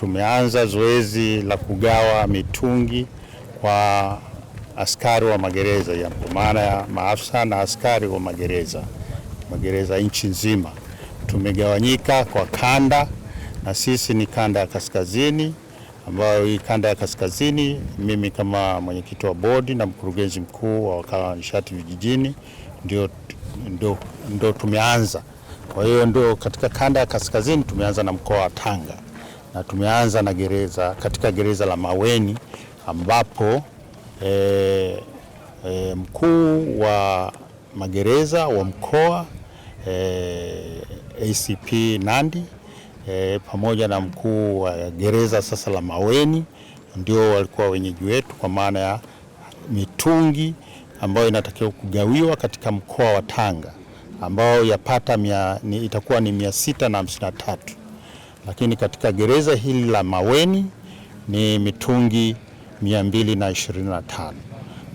Tumeanza zoezi la kugawa mitungi kwa askari wa magereza ya kwa maana ya maafisa na askari wa magereza magereza nchi nzima. Tumegawanyika kwa kanda, na sisi ni kanda ya kaskazini, ambayo hii kanda ya kaskazini, mimi kama mwenyekiti wa bodi na mkurugenzi mkuu wa wakala wa nishati vijijini ndio, ndio, ndio tumeanza. Kwa hiyo ndio katika kanda ya kaskazini tumeanza na mkoa wa Tanga na tumeanza na gereza katika gereza la Maweni ambapo e, e, mkuu wa magereza wa mkoa e, eh, ACP Nandi e, pamoja na mkuu wa gereza sasa la Maweni ndio walikuwa wenyeji wetu kwa maana ya mitungi ambayo inatakiwa kugawiwa katika mkoa wa Tanga ambayo yapata mia, ni, itakuwa ni mia sita na hamsini na tatu lakini katika gereza hili la Maweni ni mitungi 225.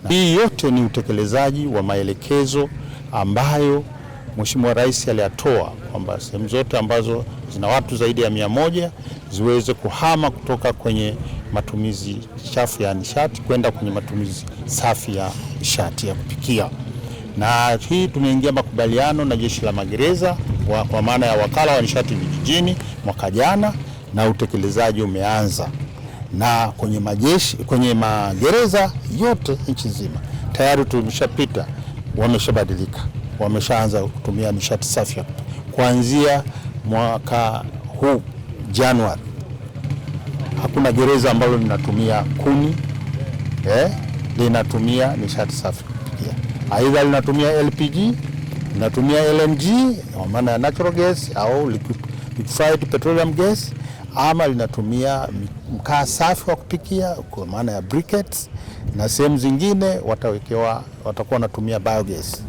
Hii yote ni utekelezaji wa maelekezo ambayo Mheshimiwa Rais aliyatoa kwamba sehemu zote ambazo zina watu zaidi ya mia moja ziweze kuhama kutoka kwenye matumizi chafu ya nishati kwenda kwenye matumizi safi ya nishati ya kupikia na hii tumeingia makubaliano na jeshi la magereza wa, kwa maana ya wakala wa nishati vijijini mwaka jana, na utekelezaji umeanza na kwenye majeshi, kwenye magereza yote nchi nzima tayari tumeshapita, wameshabadilika, wameshaanza kutumia nishati safi kuanzia mwaka huu Januari. Hakuna gereza ambalo linatumia kuni eh, linatumia nishati safi aidha linatumia LPG, linatumia LNG kwa maana ya natural gas au liquefied petroleum gas, ama linatumia mkaa safi wa kupikia kwa maana ya briquettes, na sehemu zingine watawekewa watakuwa wanatumia biogas.